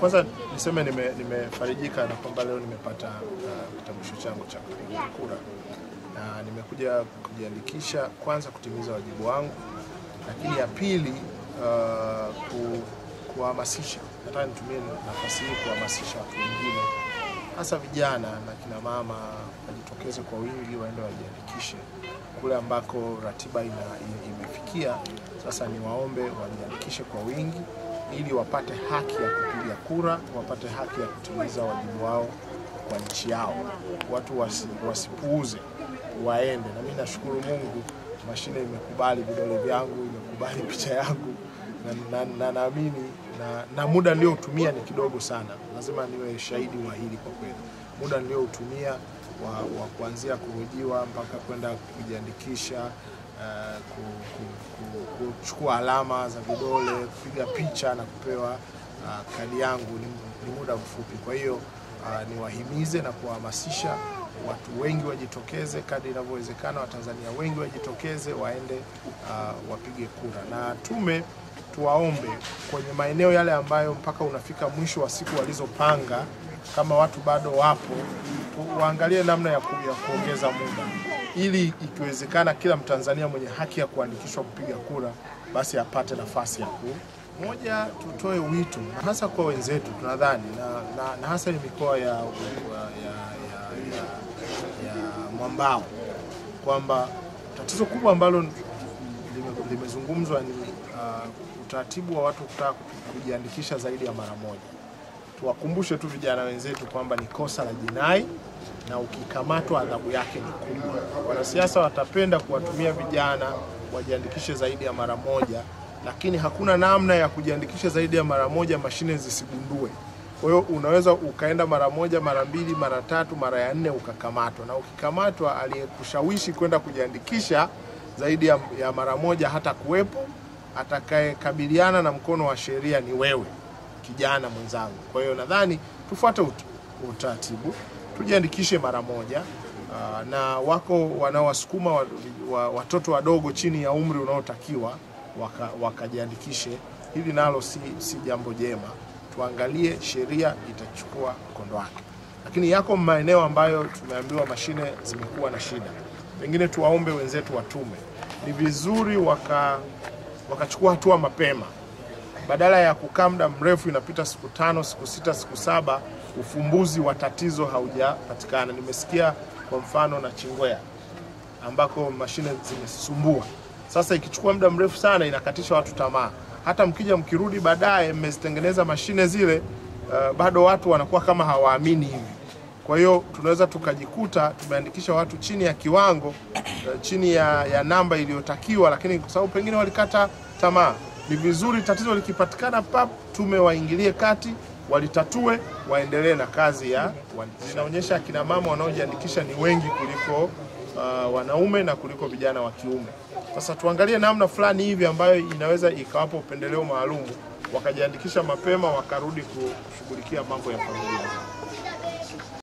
kwanza niseme nime, nimefarijika na kwamba leo nimepata uh, kitambulisho changu cha kupiga kura na nimekuja kujiandikisha kwanza kutimiza wajibu wangu, lakini ya pili uh, ku, kuhamasisha. Nataka nitumie nafasi hii kuhamasisha watu wengine, hasa vijana na kina mama wajitokeze kwa wingi, waende wajiandikishe kule ambako ratiba ina, imefikia sasa. Niwaombe wajiandikishe kwa wingi ili wapate haki ya kupiga kura, wapate haki ya kutimiza wajibu wao kwa nchi yao. Watu wasi, wasipuuze, waende. Na mimi nashukuru Mungu, mashine imekubali vidole vyangu, imekubali picha yangu na naamini na, na, na, na muda niliyotumia ni kidogo sana. Lazima niwe shahidi wa hili kwa kweli, muda niliyotumia wa, wa kuanzia kuhojiwa mpaka kwenda kujiandikisha Eh, kuchukua alama za vidole, kupiga picha na kupewa uh, kadi yangu ni, ni muda mfupi. Kwa hiyo uh, niwahimize na kuwahamasisha watu wengi wajitokeze kadri inavyowezekana, Watanzania wengi wajitokeze, waende uh, wapige kura. Na tume tuwaombe kwenye maeneo yale ambayo mpaka unafika mwisho wa siku walizopanga kama watu bado wapo, waangalie namna ya kuongeza muda ili ikiwezekana kila Mtanzania mwenye haki ya kuandikishwa kupiga kura basi apate nafasi ya ku moja tutoe wito hasa kwa wenzetu tunadhani na, na, na hasa ni mikoa ya, ya, ya, ya, ya mwambao kwamba tatizo kubwa ambalo limezungumzwa lime ni uh, utaratibu wa watu kutaka kujiandikisha zaidi ya mara moja tuwakumbushe tu vijana wenzetu kwamba ni kosa la jinai na ukikamatwa adhabu yake ni kubwa. Wanasiasa watapenda kuwatumia vijana wajiandikishe zaidi ya mara moja, lakini hakuna namna ya kujiandikisha zaidi ya mara moja mashine zisigundue. Kwa hiyo unaweza ukaenda mara moja, mara mbili, mara tatu, mara ya nne ukakamatwa, na ukikamatwa aliyekushawishi kwenda kujiandikisha zaidi ya, ya mara moja hata kuwepo, atakayekabiliana na mkono wa sheria ni wewe kijana mwenzangu. Kwa hiyo nadhani tufuate utaratibu, tujiandikishe mara moja. Uh, na wako wanaowasukuma wa, wa, watoto wadogo chini ya umri unaotakiwa wakajiandikishe waka hili nalo si, si jambo jema. Tuangalie sheria itachukua mkondo wake, lakini yako maeneo ambayo tumeambiwa mashine zimekuwa na shida, pengine tuwaombe wenzetu watume, ni vizuri wakachukua waka hatua mapema badala ya kukaa muda mrefu, inapita siku tano, siku sita, siku saba, ufumbuzi wa tatizo haujapatikana. Nimesikia kwa mfano na Chingwea ambako mashine zimesumbua. Sasa ikichukua muda mrefu sana, inakatisha watu tamaa. Hata mkija mkirudi baadaye, mmezitengeneza mashine zile, uh, bado watu wanakuwa kama hawaamini hivi. Kwa hiyo tunaweza tukajikuta tumeandikisha watu chini ya kiwango, uh, chini ya, ya namba iliyotakiwa, lakini kwa sababu pengine walikata tamaa. Ni vizuri tatizo likipatikana, pap tume waingilie kati, walitatue, waendelee na kazi ya zinaonyesha akina mama wanaojiandikisha ni wengi kuliko uh, wanaume na kuliko vijana wa kiume. Sasa tuangalie namna fulani hivi ambayo inaweza ikawapa upendeleo maalum, wakajiandikisha mapema, wakarudi kushughulikia mambo ya familia.